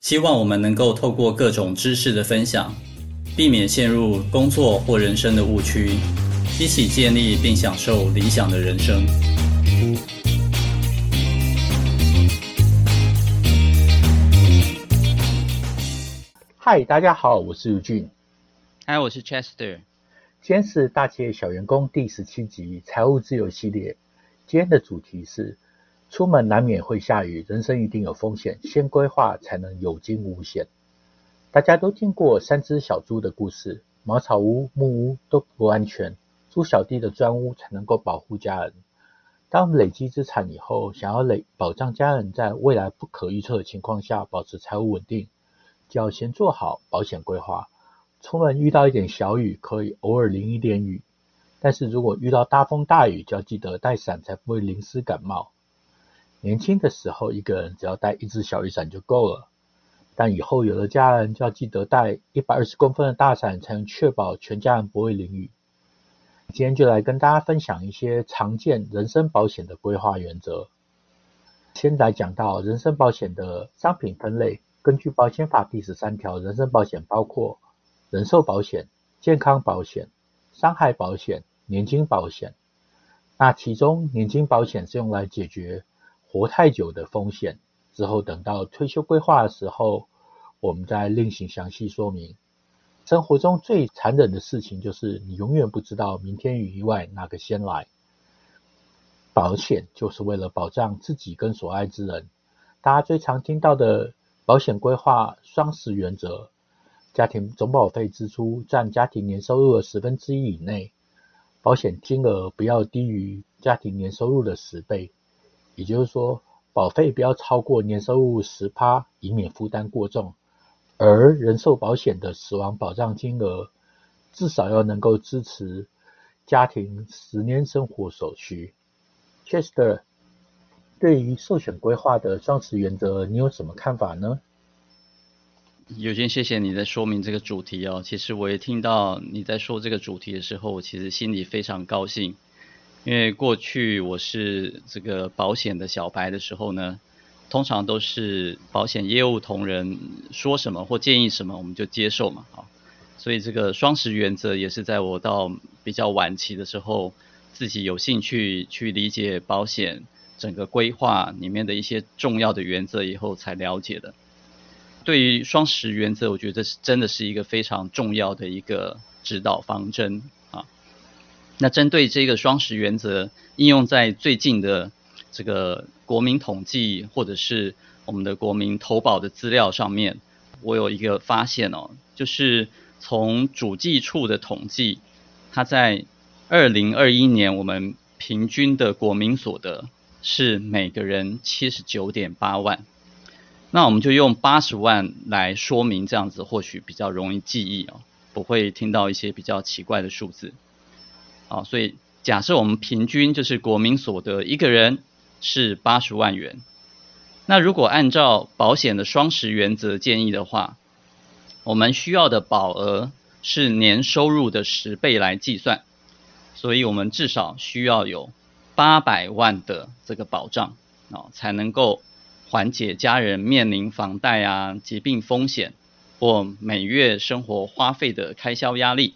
希望我們能夠透過各種知識的分享，避免陷入工作或人生的誤區，一起建立並享受理想的人生。嗨，大家好，我是尤金。嗨，我是 Chester。今天是大企業小員工第十七集財務自由系列。今天的主題是。出門難免會下雨，人生一定有風險，先規劃才能有驚無險。大家都聽過三隻小豬的故事，茅草屋、木屋都不安全，豬小弟的磚屋才能夠保護家人。當累積資產以後，想要累保障家人在未來不可預測的情況下保持財務穩定，就要先做好保險規劃。出門遇到一點小雨可以偶爾淋一點雨，但是如果遇到大風大雨，就要記得帶傘，才不會淋濕感冒。年輕的時候，一個人只要帶一隻小雨傘就夠了。但以後有了家人，就要記得帶一百二十公分的大傘，才能確保全家人不會淋雨。今天就來跟大家分享一些常見人身保險的規劃原則。先來講到人身保險的商品分類，根據保險法第十三條，人身保險包括人壽保險、健康保險、傷害保險、年金保險。那其中年金保險是用來解決活太久的風險，之後等到退休規劃的時候，我們再另行詳細說明。生活中最殘忍的事情就是，你永遠不知道明天與意外哪個先來。保險就是為了保障自己跟所愛之人。大家最常聽到的保險規劃雙十原則：家庭總保費支出占家庭年收入的十分之一以內；保險金額不要低於家庭年收入的十倍。也就是說，保費不要超過年收入十趴，以免負擔過重。而人壽保險的死亡保障金額，至少要能夠支持家庭十年生活所需。Chester，對於壽險規劃的雙十原則，你有什麼看法呢？Eugene，謝謝你在說明這個主題哦。其實我也聽到你在說這個主題的時候，我其實心裡非常高興。因為過去我是這個保險的小白的時候呢，通常都是保險業務同仁說什麼或建議什麼，我們就接受嘛，所以這個雙十原則也是在我到比較晚期的時候，自己有興趣去理解保險整個規劃裡面的一些重要的原則以後才了解的。對於雙十原則，我覺得真的是一個非常重要的一個指導方針。那針對這個雙十原則應用在最近的這個國民統計，或者是我們的國民投保的資料上面，我有一個發現哦，就是從主計處的統計，它在二零二一年我們平均的國民所得是每個人七十九點八萬，那我們就用八十萬來說明，這樣子或許比較容易記憶哦，不會聽到一些比較奇怪的數字。啊、哦，所以假設我們平均就是國民所得一個人是八十萬元，那如果按照保險的雙十原則建議的話，我們需要的保額是年收入的十倍來計算，所以我們至少需要有八百萬的這個保障啊、哦，才能夠緩解家人面臨房貸啊、疾病風險或每月生活花費的開銷壓力，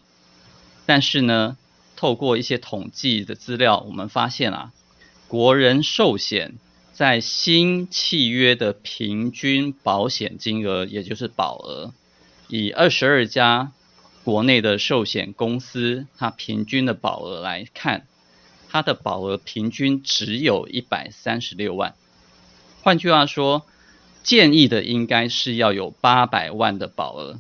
但是呢。透過一些統計的資料，我們發現啊，國人壽險在新契約的平均保險金額，也就是保額，以二十二家國內的壽險公司它平均的保額來看，它的保額平均只有一百三十六萬。換句話說，建議的應該是要有八百萬的保額，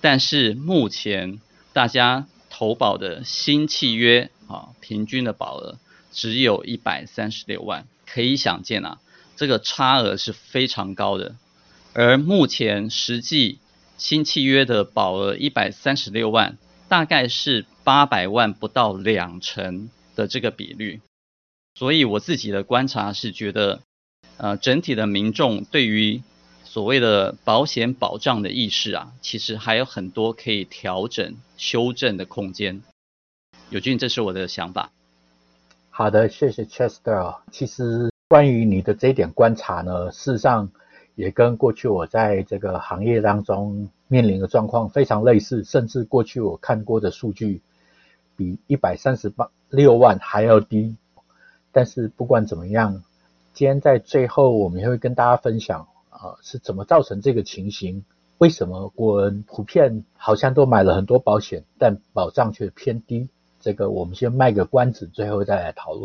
但是目前大家。投保的新契約啊，平均的保額只有一百三十六萬，可以想見啊，這個差額是非常高的。而目前實際新契約的保額一百三十六萬，大概是八百萬不到兩成的這個比率。所以我自己的觀察是覺得，呃，整體的民眾對於。所謂的保險保障的意識啊，其實還有很多可以調整、修正的空間。尤金，這是我的想法。好的，謝謝 Chester。其實關於你的這一點觀察呢，事實上也跟過去我在這個行業當中面臨的狀況非常類似，甚至過去我看過的數據比一百三十八六萬還要低。但是不管怎麼樣，今天在最後，我們也會跟大家分享。啊，是怎麼造成這個情形？為什麼國人普遍好像都買了很多保險，但保障卻偏低？這個我們先賣個關子，最後再來討論。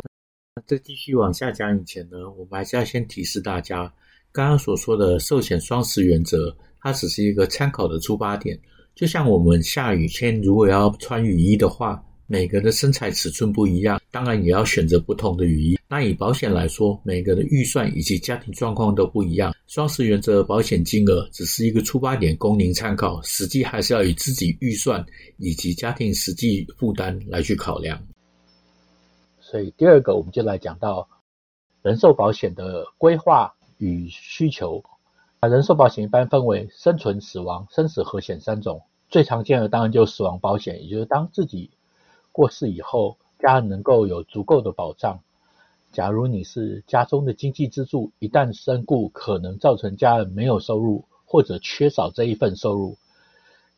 在繼續往下講以前呢，我們還是要先提示大家，剛剛所說的壽險雙十原則，它只是一個參考的出發點。就像我們下雨天如果要穿雨衣的話，每個人的身材尺寸不一樣，當然也要選擇不同的雨衣。那以保險來說，每個人的預算以及家庭狀況都不一樣。雙十原則保險金額只是一個出發點，供您參考，實際還是要以自己預算以及家庭實際負擔來去考量。所以第二個，我們就來講到人壽保險的規劃與需求。啊，人壽保險一般分為生存、死亡、生死合險三種，最常見的當然就死亡保險，也就是當自己。過世以後，家人能夠有足夠的保障。假如你是家中的經濟支柱，一旦身故，可能造成家人沒有收入或者缺少這一份收入。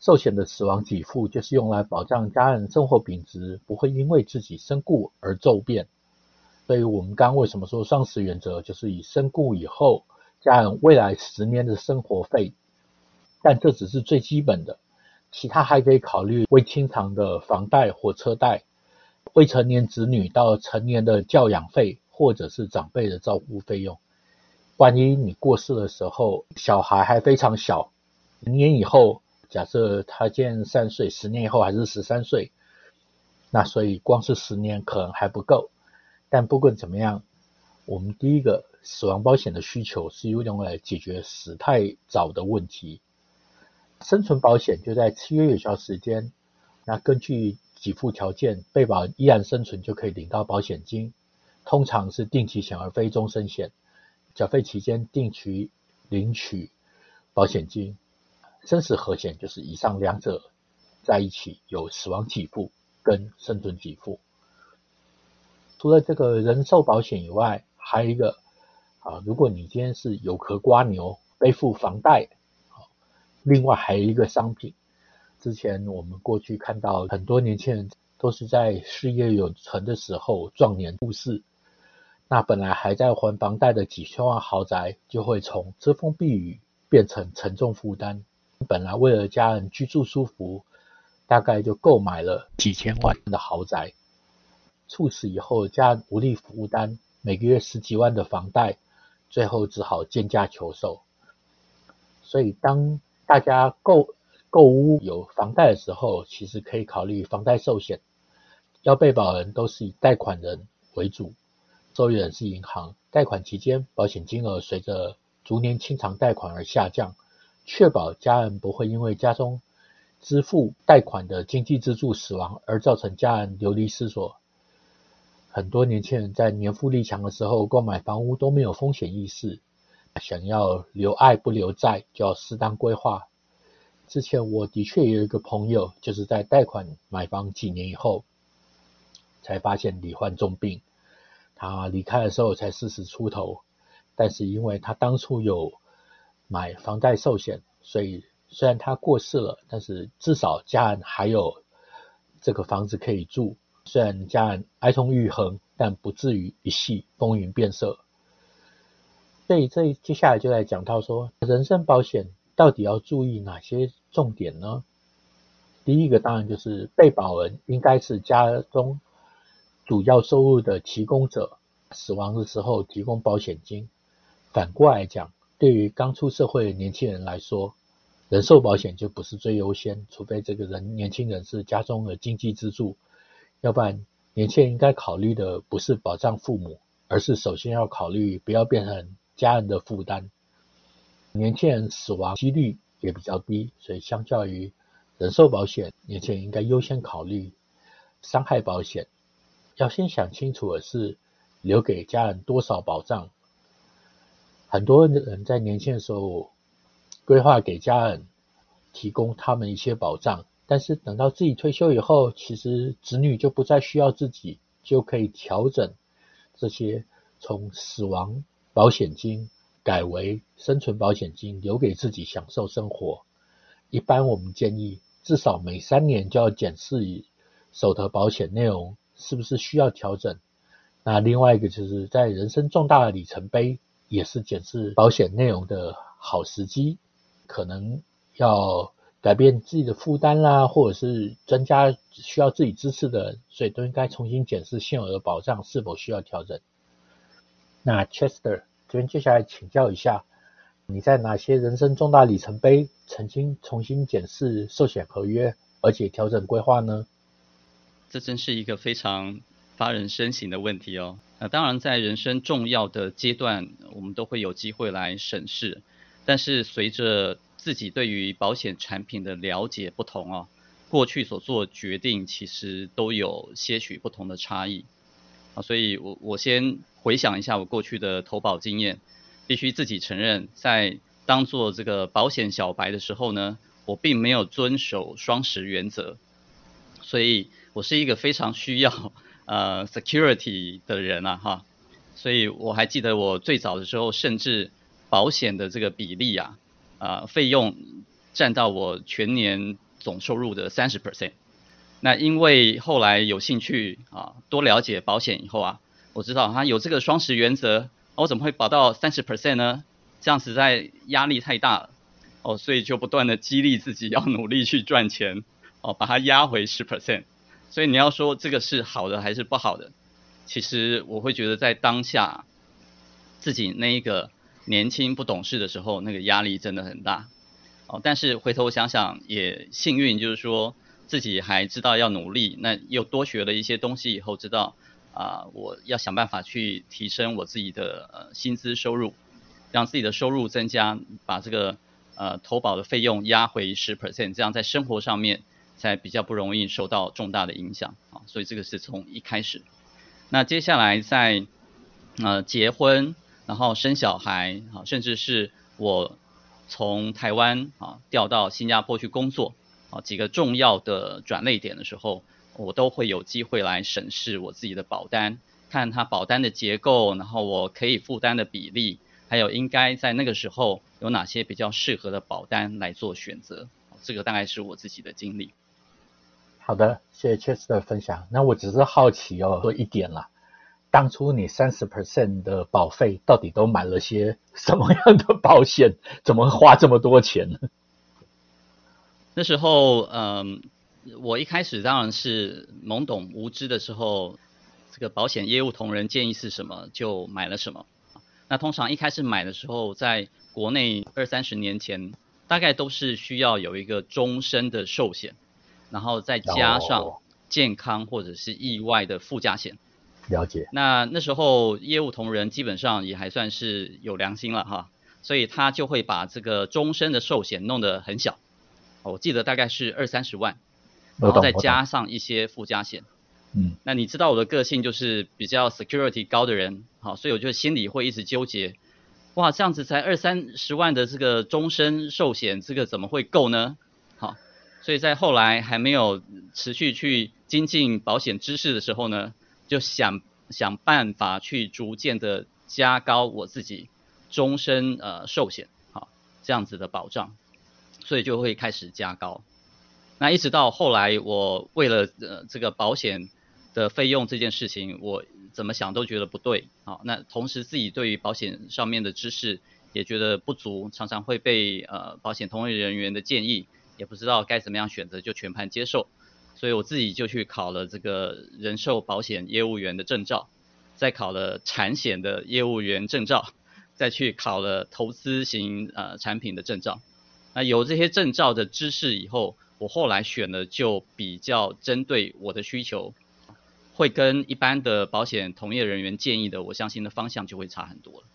壽險的死亡給付就是用來保障家人生活品質，不會因為自己身故而驟變。所以我們剛剛為什麼說雙十原則，就是以身故以後，家人未來十年的生活費。但這只是最基本的。其他還可以考慮未清償的房貸或車貸、未成年子女到成年的教養費，或者是長輩的照顧費用。萬一你過世的時候，小孩還非常小，十年以後，假設他現在三歲，十年以後還是十三歲，那所以光是十年可能還不夠。但不管怎麼樣，我們第一個死亡保險的需求是用來解決死太早的問題。生存保險就在契約有效時間，那根據給付條件，被保人依然生存就可以領到保險金，通常是定期險而非終身險，繳費期間定期領取保險金，生死合險就是以上兩者在一起，有死亡給付跟生存給付。除了這個人壽保險以外，還有一個啊，如果你今天是有殼蝸牛背負房貸。另外還有一個商品，之前我們過去看到很多年輕人都是在事業有成的時候壯年故世，那本來還在還房貸的幾千萬豪宅就會從遮風避雨變成沉重負擔。本來為了家人居住舒服，大概就購買了幾千萬的豪宅，猝死以後家人無力負擔，每個月十幾萬的房貸，最後只好賤價求售。所以當大家購購屋有房貸的時候，其實可以考慮房貸壽險。要被保人都是以貸款人為主，受益人是銀行。貸款期間，保險金額隨着逐年清償貸款而下降，確保家人不會因為家中支付貸款的經濟支柱死亡而造成家人流離失所。很多年輕人在年富力強的時候購買房屋都沒有風險意識。想要留愛不留債，就要適當規劃。之前我的確有一個朋友，就是在貸款買房幾年以後，才發現罹患重病。他離開的時候才四十出頭，但是因為他當初有買房貸壽險，所以雖然他過世了，但是至少家人還有這個房子可以住。雖然家人哀痛逾恆，但不至於一夕風雲變色。所以，這接下來就來講到說，人身保險到底要注意哪些重點呢？第一個當然就是被保人應該是家中主要收入的提供者，死亡的時候提供保險金。反過來講，對於剛出社會的年輕人來說，人壽保險就不是最優先，除非這個人年輕人是家中的經濟支柱，要不然年輕人應該考慮的不是保障父母，而是首先要考慮不要變成家人的負擔，年輕人死亡幾率也比較低，所以相較於人壽保險，年輕人應該優先考慮傷害保險。要先想清楚的是，留給家人多少保障。很多人在年輕的時候規劃給家人，提供他們一些保障，但是等到自己退休以後，其實子女就不再需要自己，就可以調整這些從死亡。保險金改為生存保險金，留給自己享受生活。一般我們建議至少每三年就要檢視手頭保險內容是不是需要調整。那另外一個就是在人生重大的里程碑，也是檢視保險內容的好時機。可能要改變自己的負擔啦，或者是增加需要自己支持的人，所以都應該重新檢視現有的保障是否需要調整。那 Chester，這邊接下來請教一下，你在哪些人生重大里程碑曾經重新檢視壽險合約，而且調整規劃呢？這真是一個非常發人深省的問題哦。那、呃、當然，在人生重要的階段，我們都會有機會來審視。但是隨着自己對於保險產品的了解不同哦、啊，過去所做決定其實都有些許不同的差異。啊，所以我我先回想一下我過去的投保經驗，必須自己承認，在當做這個保險小白的時候呢，我並沒有遵守雙十原則，所以我是一個非常需要呃 security 的人啊，哈，所以我還記得我最早的時候，甚至保險的這個比例啊，啊，呃，費用占到我全年總收入的三十 percent。那因為後來有興趣啊，多了解保險以後啊，我知道它有這個雙十原則，我怎麼會保到三十 percent 呢？這樣實在壓力太大了哦，所以就不斷的激勵自己要努力去賺錢哦，把它壓回十 percent。所以你要說這個是好的還是不好的？其實我會覺得在當下自己那一個年輕不懂事的時候，那個壓力真的很大哦。但是回頭想想也幸運，就是說。自己還知道要努力，那又多學了一些東西以後，知道啊、呃，我要想辦法去提升我自己的、呃、薪資收入，讓自己的收入增加，把這個呃投保的費用壓回十 percent，這樣在生活上面才比較不容易受到重大的影響啊。所以這個是從一開始，那接下來在呃結婚，然後生小孩，啊，甚至是我從台灣啊調到新加坡去工作。哦，幾個重要的轉捩點的時候，我都會有機會來審視我自己的保單，看它保單的結構，然後我可以負擔的比例，還有應該在那個時候有哪些比較適合的保單來做選擇。這個大概是我自己的經歷。好的，謝謝 Chester 分享。那我只是好奇哦多一點啦、啊，當初你三十 percent 的保費到底都買了些什麼樣的保險？怎麼花這麼多錢呢？那時候，嗯，我一開始當然是懵懂無知的時候，這個保險業務同仁建議是什麼就買了什麼。那通常一開始買的時候，在國內二三十年前，大概都是需要有一個終身的壽險，然後再加上健康或者是意外的附加險。了解。那那時候業務同仁基本上也還算是有良心了哈，所以他就會把這個終身的壽險弄得很小。我記得大概是二三十萬，然後再加上一些附加險。嗯，那你知道我的個性就是比較 security 高的人，好，所以我就心裡會一直糾結，哇，這樣子才二三十萬的這個終身壽險，這個怎麼會夠呢？好，所以在後來還沒有持續去精進保險知識的時候呢，就想想辦法去逐漸的加高我自己終身呃壽險，好，這樣子的保障。所以就會開始加高，那一直到後來，我為了呃這個保險的費用這件事情，我怎麼想都覺得不對，好，那同時自己對於保險上面的知識也覺得不足，常常會被呃保險從業人員的建議，也不知道該怎麼樣選擇就全盤接受，所以我自己就去考了這個人壽保險業務員的證照，再考了產險的業務員證照，再去考了投資型呃產品的證照。那有這些證照的知識以後，我後來選了就比較針對我的需求，會跟一般的保險從業人員建議的，我相信的方向就會差很多了。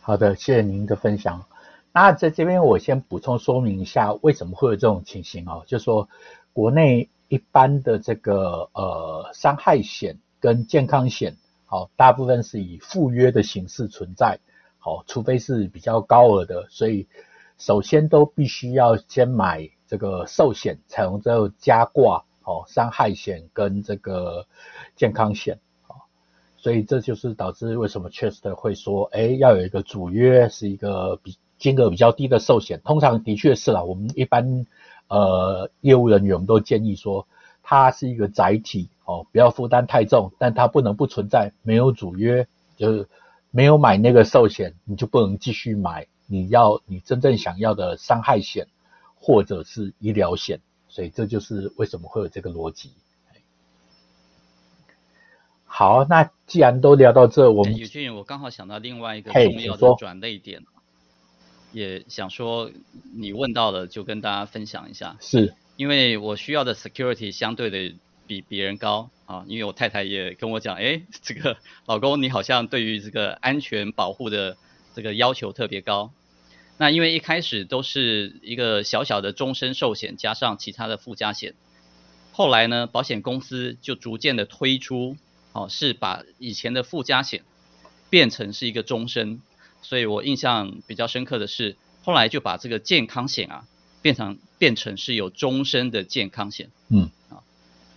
好的，謝謝您的分享。那在這邊我先補充說明一下，為什麼會有這種情形哦？就是說國內一般的這個呃傷害險跟健康險，好、哦，大部分是以附約的形式存在，好、哦，除非是比較高額的，所以。首先都必須要先買這個壽險，才能再加掛哦，傷害險跟這個健康險啊，所以這就是導致為什麼 Chester 會說，哎、欸，要有一個主約是一個比金額比較低的壽險，通常的確是啦。我們一般呃業務人員我們都建議說，它是一個載體哦，不要負擔太重，但它不能不存在，沒有主約就是沒有買那個壽險，你就不能繼續買。你要你真正想要的傷害險或者是醫療險，所以這就是為什麼會有這個邏輯。好，那既然都聊到這，欸、我們尤金，我剛好想到另外一個重要的轉捩點、欸，也想說你問到了就跟大家分享一下。是，因為我需要的 security 相對的比別人高啊，因為我太太也跟我講，哎、欸，這個老公你好像對於這個安全保護的這個要求特別高。那因為一開始都是一個小小的終身壽險加上其他的附加險，後來呢，保險公司就逐漸的推出，哦，是把以前的附加險變成是一個終身，所以我印象比較深刻的是，後來就把這個健康險啊變成變成是有終身的健康險，哦，嗯，啊，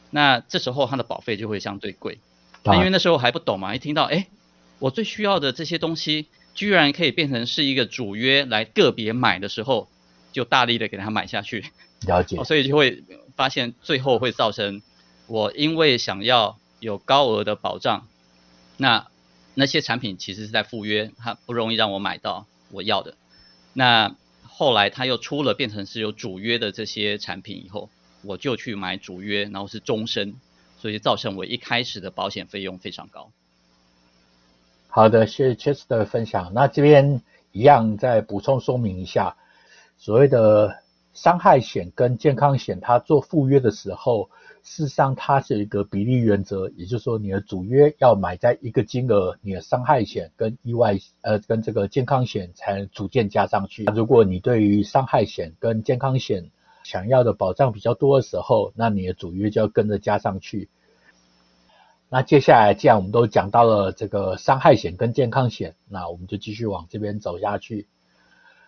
那這時候它的保費就會相對貴，啊，因為那時候還不懂嘛，一聽到，哎，我最需要的這些東西。居然可以變成是一個主約來個別買的時候，就大力的給他買下去。了解。哦，所以就會發現最後會造成我，因為想要有高額的保障，那那些產品其實是在附約，它不容易讓我買到我要的。那後來他又出了變成是有主約的這些產品以後，我就去買主約，然後是終身，所以造成我一開始的保險費用非常高。好的，謝謝 Chester 分享。那這邊一樣再補充說明一下，所謂的傷害險跟健康險，它做附約的時候，事實上它是一個比例原則，也就是說，你的主約要買在一個金額，你的傷害險跟意外險呃跟這個健康險才能逐漸加上去。那如果你對於傷害險跟健康險想要的保障比較多的時候，那你的主約就要跟着加上去。那接下來，既然我們都講到了這個傷害險跟健康險，那我們就繼續往這邊走下去。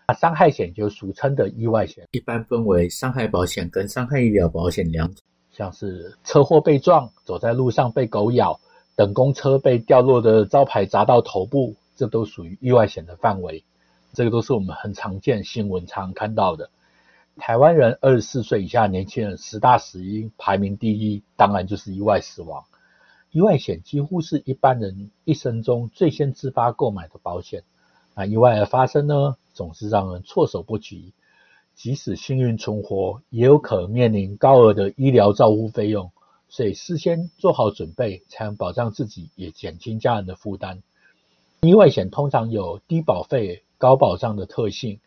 那傷害險就俗稱的意外險，一般分為傷害保險跟傷害醫療保險兩種。像是車禍被撞、走在路上被狗咬、等公車被掉落的招牌砸到頭部，這都屬於意外險的範圍。這個都是我們很常見新聞常常看到的。台灣人二十四歲以下年輕人十大死因排名第一，當然就是意外死亡。意外險幾乎是一般人一生中最先自發購買的保險。那意外的發生呢，總是讓人措手不及。即使幸運存活，也有可能面臨高額的醫療照護費用。所以事先做好準備，才能保障自己，也減輕家人的負擔。意外險通常有低保費、高保障的特性，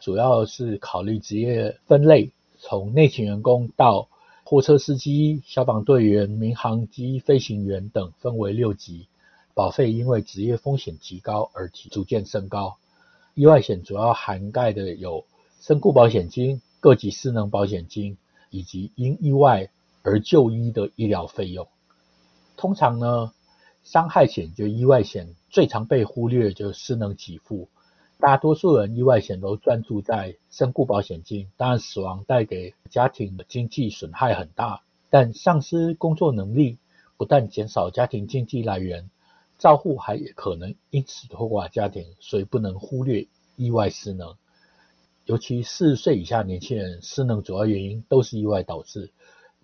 主要是考慮職業分類，從內勤員工到貨車司機、消防隊員、民航機飛行員等分為六級，保費因為職業風險提高而逐漸升高。意外險主要涵蓋的有身故保險金、各級失能保險金以及因意外而就醫的醫療費用。通常呢，傷害險就意外險最常被忽略，就是失能給付。大多數人意外險都專注在身故保險金，當然死亡帶給家庭的經濟損害很大。但喪失工作能力，不但減少家庭經濟來源，照護還可能因此拖垮家庭，所以不能忽略意外失能。尤其四十歲以下年輕人失能主要原因都是意外導致。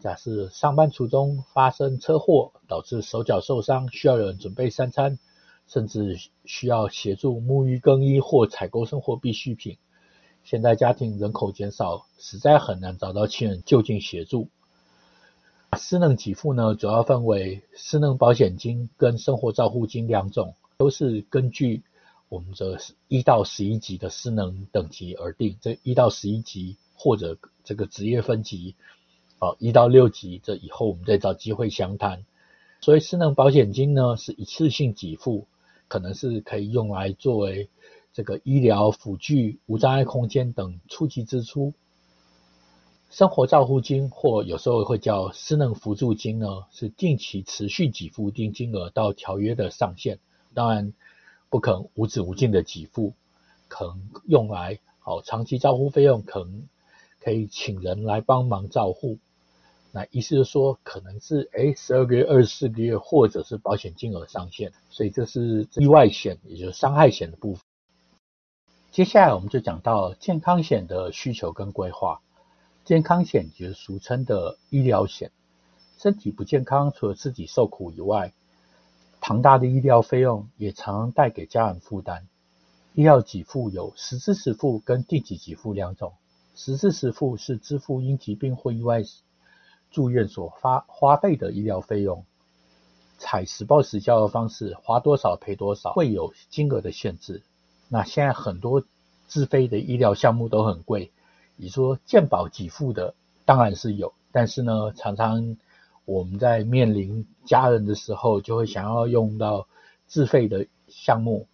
假設上班途中發生車禍，導致手腳受傷，需要有人準備三餐。甚至需要協助沐浴、更衣或採購生活必需品。現代家庭人口減少，實在很難找到親人就近協助。失能給付呢，主要分為失能保險金跟生活照護金兩種，都是根據我們的一到十一級的失能等級而定。這一到十一級或者這個職業分級，啊，一到六級，這以後我們再找機會詳談。所以，失能保險金呢是一次性給付。可能是可以用來作為這個醫療輔具、無障礙空間等初級支出。生活照護金或有時候會叫失能輔助金，呢，是定期持續給付定金額到條約的上限，當然不可能無止無盡的給付。可能用來好長期照護費用，可能可以請人來幫忙照護。那意思是說，可能是誒十二個月，二十四個月，或者是保險金額上限。所以這是意外險，也就是傷害險的部分。接下來我們就講到健康險的需求跟規劃。健康險，也就是俗稱的醫療險。身體不健康，除了自己受苦以外，龐大的醫療費用也常帶給家人負擔。醫療給付有實支實付跟定額給付兩種。實支實付是支付因疾病或意外。住院所花花費的醫療費用，採實報實銷的方式，花多少賠多少，會有金額的限制。那現在很多自費的醫療項目都很貴。你說健保給付的當然是有，但是呢，常常我們在面臨家人的時候，就會想要用到自費的項目。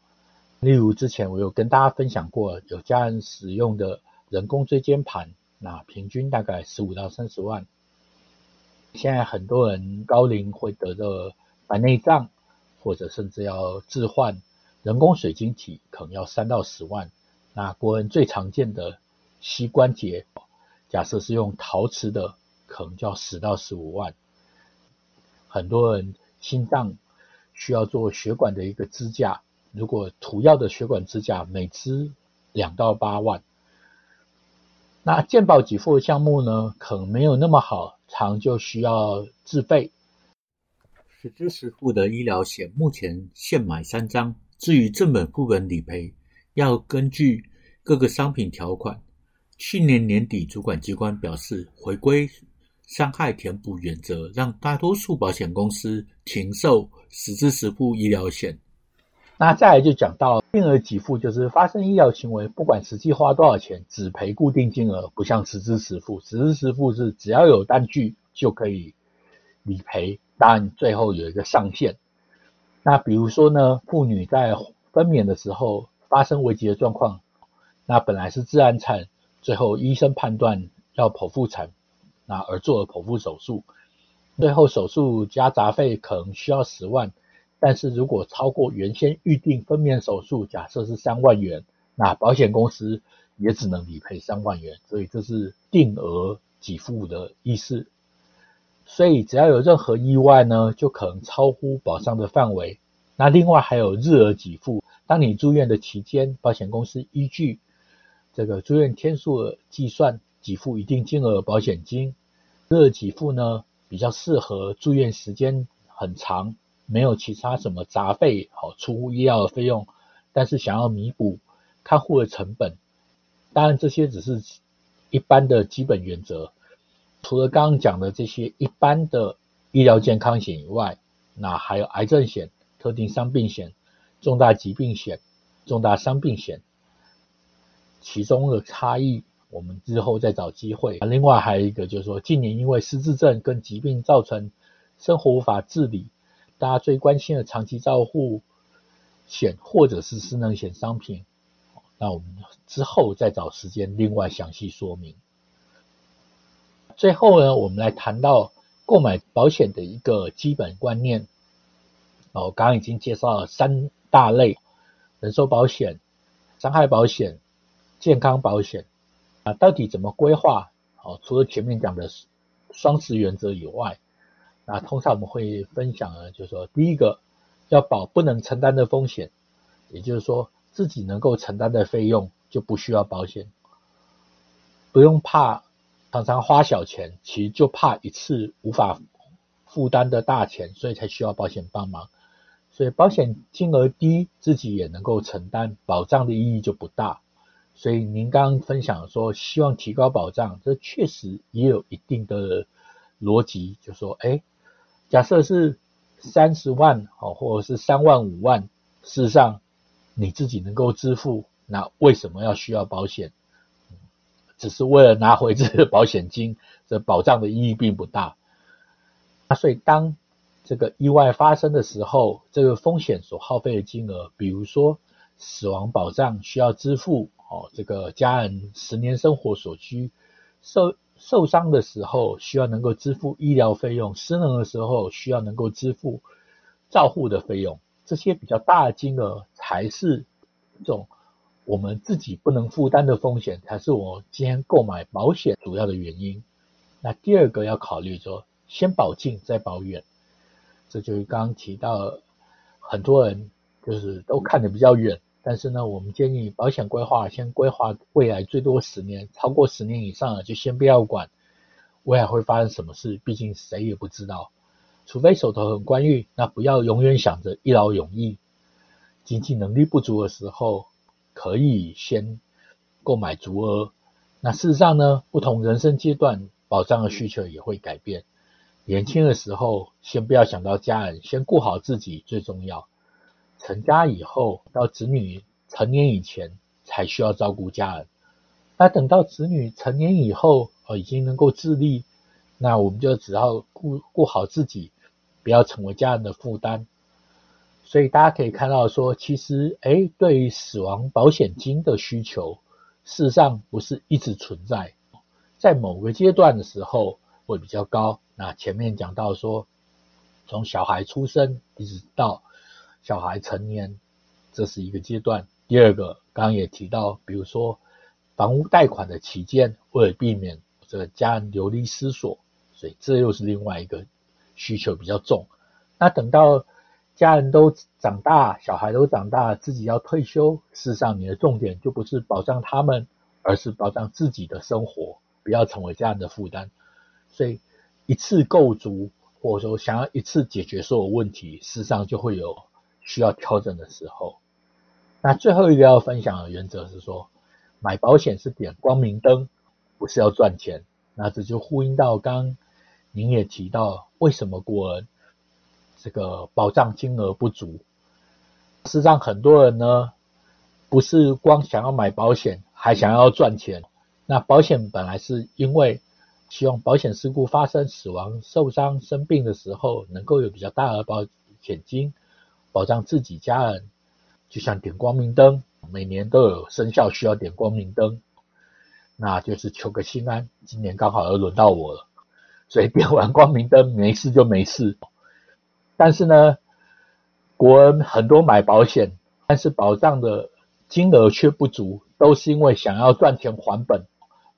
例如之前我有跟大家分享過，有家人使用的人工椎間盤，那平均大概十五到三十萬。現在很多人高齡會得的白內障，或者甚至要置換人工水晶體，可能要三到十萬。那國人最常見的膝關節，假設是用陶瓷的，可能就要十到十五萬。很多人心臟需要做血管的一個支架，如果塗藥的血管支架，每支兩到八萬。那健保給付項目呢，可能沒有那麼好，常就需要自費，實支實付的醫療險目前限買三張，至於正本副本理賠，要根據各個商品條款。去年年底，主管機關表示回歸傷害填補原則，讓大多數保險公司停售實支實付醫療險。那再來就講到定額給付，就是發生醫療行為，不管實際花多少錢，只賠固定金額，不像實支實付。實支實付是只要有單據就可以理賠，但最後有一個上限。那比如說呢，婦女在分娩的時候發生危急的狀況，那本來是自然產，最後醫生判斷要剖腹產，那而做了剖腹手術，最後手術加雜費可能需要十萬。但是如果超過原先預定分娩手術，假設是三萬元，那保險公司也只能理賠三萬元，所以這是定額給付的意思。所以只要有任何意外呢，就可能超乎保障的範圍。那另外還有日額給付，當你住院的期間，保險公司依據這個住院天數計算給付一定金額保險金。日額給付呢，比較適合住院時間很長。沒有其他什麼雜費，好、哦，出乎意料的費用，但是想要彌補看護的成本。當然，這些只是一般的基本原則。除了剛剛講的這些一般的醫療健康險以外，那還有癌症險、特定傷病險、重大疾病險、重大傷病險，其中的差異，我們之後再找機會。啊、另外還有一個就是說，近年因為失智症跟疾病造成生活無法自理。大家最關心的長期照護險或者是失能險商品，那我們之後再找時間另外詳細說明。最後呢，我們來談到購買保險的一個基本觀念。哦，剛剛已經介紹了三大類：人壽保險、傷害保險、健康保險。啊，到底怎麼規劃？哦、啊，除了前面講的雙十原則以外。那通常我們會分享，就是說，第一個要保不能承擔的風險，也就是說自己能夠承擔的費用就不需要保險，不用怕常常花小錢，其實就怕一次無法負擔的大錢，所以才需要保險幫忙。所以保險金額低，自己也能夠承擔，保障的意義就不大。所以您剛剛分享說希望提高保障，這確實也有一定的邏輯，就說，哎。假設是三十萬，哦，或者是三萬、五萬，事實上你自己能夠支付，那為什麼要需要保險？嗯，只是為了拿回這個保險金，這保障的意義並不大，啊。所以當這個意外發生的時候，這個風險所耗費的金額，比如說死亡保障需要支付，哦，這個家人十年生活所需，受。受傷的時候需要能夠支付醫療費用，失能的時候需要能夠支付照護的費用，這些比較大的金額才是一種我們自己不能負擔的風險，才是我今天購買保險主要的原因。那第二個要考慮說，先保近再保遠，這就是剛剛提到很多人就是都看得比較遠。但是呢，我們建議保險規劃先規劃未來最多十年，超過十年以上了就先不要管未來會發生什麼事，畢竟誰也不知道。除非手頭很寬裕，那不要永遠想着一勞永逸。經濟能力不足的時候，可以先購買足額。那事實上呢，不同人生階段保障的需求也會改變。年輕的時候，先不要想到家人，先顧好自己最重要。成家以後，到子女成年以前，才需要照顧家人。那等到子女成年以後，呃、哦，已經能夠自立，那我們就只要顧顧好自己，不要成為家人的負擔。所以大家可以看到說，說其實，誒，對於死亡保險金的需求，事實上不是一直存在，在某個階段的時候會比較高。那前面講到說，從小孩出生一直到小孩成年，這是一個階段。第二個，剛剛也提到，比如說房屋貸款的期間，為了避免這個家人流離失所，所以這又是另外一個需求比較重。那等到家人都長大，小孩都長大，自己要退休，事實上你的重點就不是保障他們，而是保障自己的生活，不要成為家人的負擔。所以一次購足，或者說想要一次解決所有問題，事實上就會有。需要調整的時候。那最後一個要分享的原則是說，買保險是點光明燈，不是要賺錢。那這就呼應到剛剛您也提到，為什麼國人這個保障金額不足？事實上，很多人呢不是光想要買保險，還想要賺錢。那保險本來是因為希望保險事故發生、死亡、受傷、生病的時候，能夠有比較大額保險金。保障自己家人，就像點光明燈，每年都有生肖需要點光明燈，那就是求個心安。今年剛好又輪到我了，所以點完光明燈，沒事就沒事。但是呢，國人很多買保險，但是保障的金額卻不足，都是因為想要賺錢還本，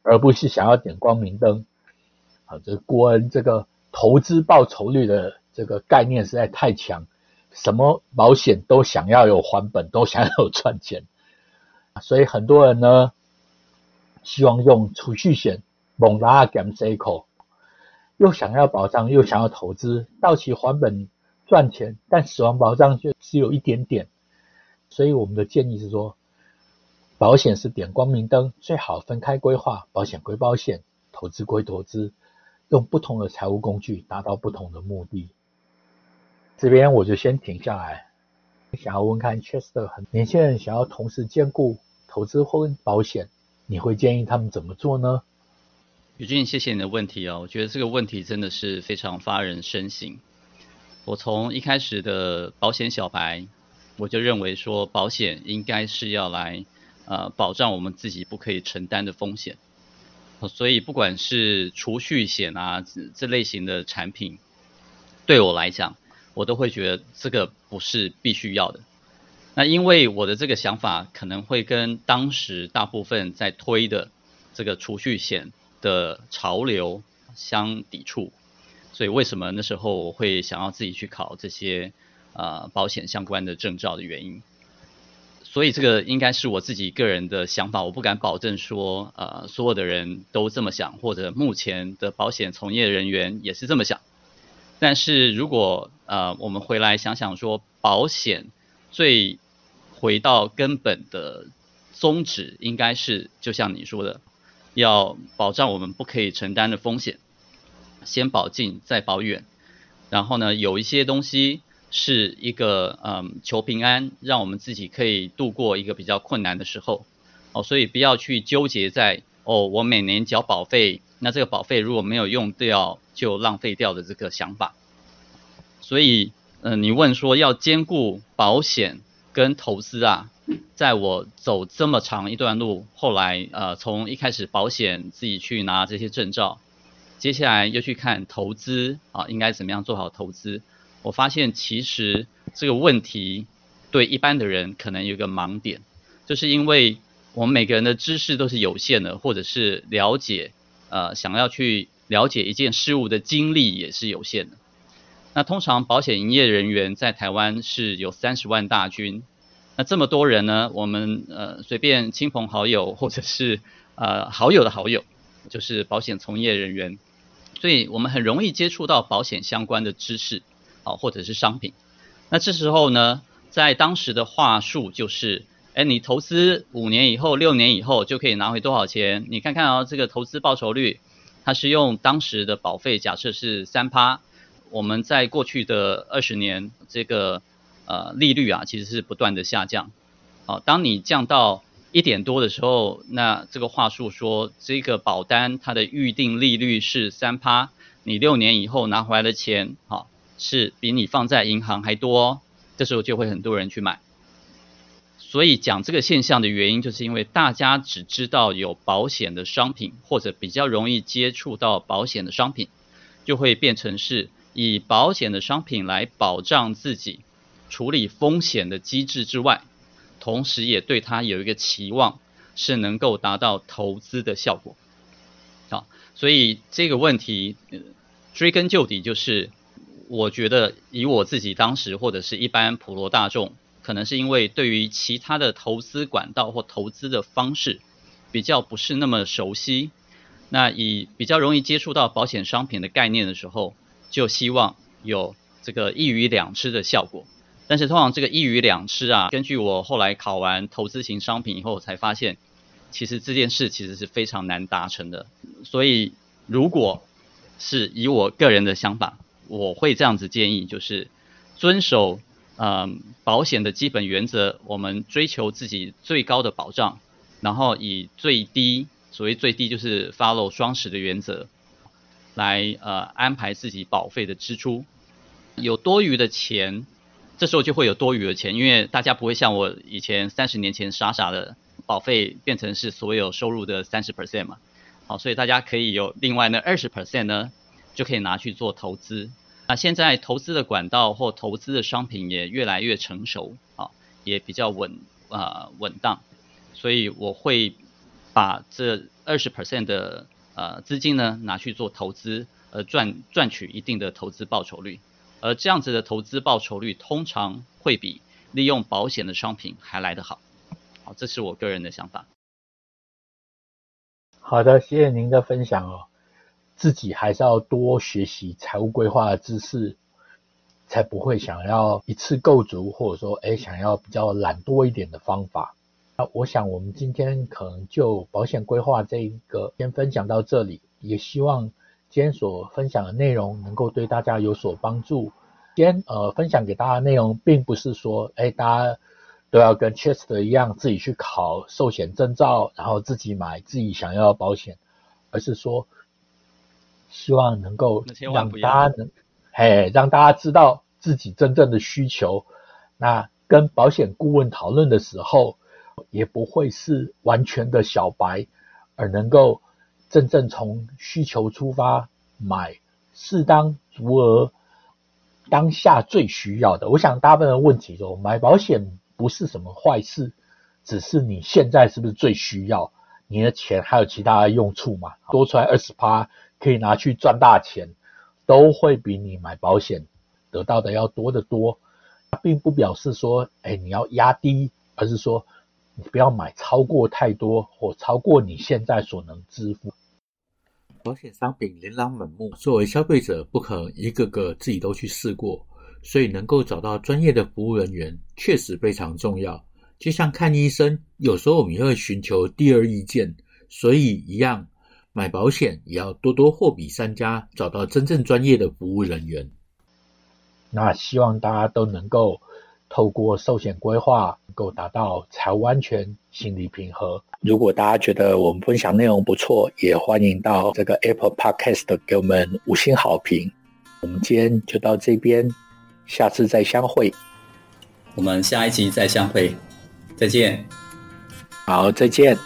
而不是想要點光明燈。啊，這國人這個投資報酬率的這個概念實在太強。什麼保險都想要有還本，都想要有賺錢，所以很多人呢，希望用儲蓄險猛拉啊減折扣，又想要保障，又想要投資，到期還本賺錢，但死亡保障就只有一點點。所以我們的建議是說，保險是點光明燈，最好分開規劃，保險歸保險，投資歸投資，用不同的財務工具達到不同的目的。這邊我就先停下來，想要問，問看，Chester，年輕人想要同時兼顧投資或保險，你會建議他們怎麼做呢？尤金，謝謝你的問題啊、哦！我覺得這個問題真的是非常發人深省。我從一開始的保險小白，我就認為說保險應該是要來呃保障我們自己不可以承擔的風險，所以不管是儲蓄險啊這類型的產品，對我來講。我都會覺得這個不是必須要的。那因為我的這個想法可能會跟當時大部分在推的這個儲蓄險的潮流相抵觸，所以為什麼那時候我會想要自己去考這些啊、呃、保險相關的證照的原因。所以這個應該是我自己個人的想法，我不敢保證說啊、呃、所有的人都這麼想，或者目前的保險從業人員也是這麼想。但是如果呃我們回來，想想說，保險最回到根本的宗旨應該是就像你說的，要保障我們不可以承擔的風險，先保近再保遠，然後呢，有一些東西是一個嗯、呃、求平安，讓我們自己可以度過一個比較困難的時候哦，所以不要去糾結在哦，我每年繳保費。那這個保費如果沒有用掉，就浪費掉的這個想法，所以，嗯、呃，你問說要兼顧保險跟投資啊，在我走這麼長一段路，後來，呃，從一開始保險自己去拿這些證照，接下來又去看投資啊，應該怎麼樣做好投資，我發現其實這個問題對一般的人可能有一個盲點，就是因為我們每個人的知識都是有限的，或者是了解。呃，想要去了解一件事物的精力也是有限的。那通常保險營業人員在台灣是有三十萬大軍，那這麼多人呢，我們呃隨便親朋好友或者是呃好友的好友，就是保險從業人員，所以我們很容易接觸到保險相關的知識啊、呃，或者是商品。那這時候呢，在當時的話術就是。哎、欸，你投資五年以後、六年以後就可以拿回多少錢？你看看啊，這個投資報酬率，它是用當時的保費，假設是三趴。我們在過去的二十年，這個呃利率啊，其實是不斷的下降。好、啊，當你降到一點多的時候，那這個話術說，這個保單它的預定利率是三趴，你六年以後拿回來的錢，好、啊、是比你放在銀行還多、哦，這時候就會很多人去買。所以講這個現象的原因，就是因為大家只知道有保險的商品，或者比較容易接觸到保險的商品，就會變成是以保險的商品來保障自己，處理風險的機制之外，同時也對它有一個期望，是能夠達到投資的效果。啊。所以這個問題追根究底，就是我覺得以我自己當時，或者是一般普羅大眾。可能是因為對於其他的投資管道或投資的方式比較不是那麼熟悉，那以比較容易接觸到保險商品的概念的時候，就希望有這個一魚兩吃的效果。但是通常這個一魚兩吃啊，根據我後來考完投資型商品以後才發現，其實這件事其實是非常難達成的。所以如果是以我個人的想法，我會這樣子建議，就是遵守。呃、嗯，保險的基本原則，我們追求自己最高的保障，然後以最低，所謂最低就是 follow 雙十的原則，來呃安排自己保費的支出。有多餘的錢，這時候就會有多餘的錢，因為大家不會像我以前三十年前傻傻的保費變成是所有收入的三十 percent 嘛，好，所以大家可以有另外那二十 percent 呢，就可以拿去做投資。那、啊、現在投資的管道或投資的商品也越來越成熟，啊，也比較穩啊、呃、穩當，所以我會把這二十 percent 的呃資金呢拿去做投資，呃賺賺取一定的投資報酬率，而這樣子的投資報酬率通常會比利用保險的商品還來得好，好、啊，這是我個人的想法。好的，謝謝您的分享哦。自己還是要多學習財務規劃的知識，才不會想要一次購足，或者說，誒想要比較懶惰一點的方法。那我想，我們今天可能就保險規劃這一個先分享到這裡，也希望今天所分享的內容能夠對大家有所幫助。今天呃分享給大家的內容，並不是說，誒大家都要跟 Chester 一樣自己去考壽險證照，然後自己買自己想要的保險，而是說。希望能夠讓大家能嘿，讓大家知道自己真正的需求。那跟保險顧問討論的時候，也不會是完全的小白，而能夠真正從需求出發買適當足額當下最需要的。我想大部分的問題就是，買保險不是什麼壞事，只是你現在是不是最需要？你的錢還有其他的用處嘛？多出來二十趴。可以拿去賺大錢，都會比你買保險得到的要多得多。它並不表示說，誒，哎，你要壓低，而是說你不要買超過太多或超過你現在所能支付。保險商品琳琅滿目，作為消費者，不可能一個個自己都去試過，所以能夠找到專業的服務人員確實非常重要。就像看醫生，有時候我們也會尋求第二意見，所以一樣。買保險也要多多貨比三家，找到真正專業的服務人員。那希望大家都能夠透過壽險規劃，能夠達到財務安全、心理平和。如果大家覺得我們分享內容不錯，也歡迎到這個 Apple Podcast 給我們五星好評。我們今天就到這邊，下次再相會。我們下一集再相會，再見。好，再見。